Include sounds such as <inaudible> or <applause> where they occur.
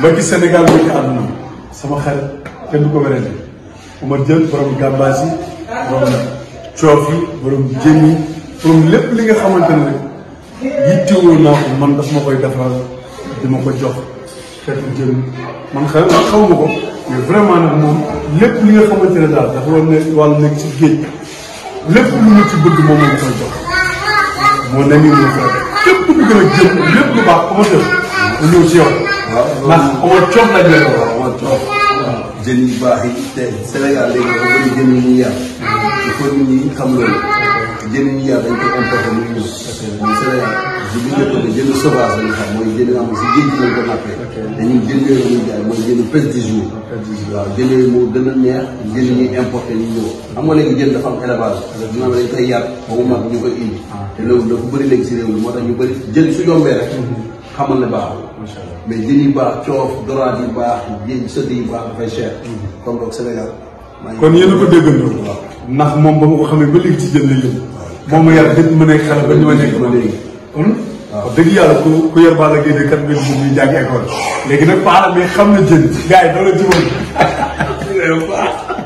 ba ci Sénégal sama xarit kenn du ko werante Omar Dieng borom gàmbaas yi borom coof yi borom jën lépp li nga xamante ne rek yittewoo naa ko man daf ma koy defaral di ma jox xeetu jën man xarit man xaw ma lépp li nga xamante ne daal dafa war ne wàllu lépp lu ñu ci bëgg moom lañ koy jox moo ne moo koy def képp gën a jëm lépp lu baax commencé mu ñëw ci yow. ndax Omar Thiam lañ leen wax. waaw Omar Thiam. jën yu baax yi te Sénégal léegi dafa bëri jën yu ñuy yar. il faut nit ñi xam loolu. jën yu ñuy yar dañ koy importé muy ñëw. parce que Sénégal bu ñu njëkkoon ne jën sauvage lañ xam mooy jën yoo xam ne si géej gi lañ ko nappee. dañuy jën yooyu la ñuy jaay mooy jën pêche du jour. waaw jën yooyu moo gën a neex jën yi ñuy importé ñu ñëw. xam nga léegi jën dafa am élevage. maanaam dañ koy yar ba mu mag ñu koy indi. Ah. te loolu dafa bëri léegi si réew mi moo tax ñu bëri jën su yombee rek mm-hmm. xamal ne baaxul. macha allah mais jën yi baax coof dorade yi baax jën sëdd yi baax dafay cher. Mhm. kon donc Sénégal. kon yéen a ko déggandoo. waaw ndax moom ba ma ko xamee ba léegi ci jën la yëngu. moom mu yar dëgg mu nekk xale ba ñu ma nekk ba léegi. waaw dëgg yàlla ku ku yar Balla Gaye kat mil moom ñu jàng école léegi nag Paala mais xam na a gars yi doo la jiwoon. <laughs> <laughs>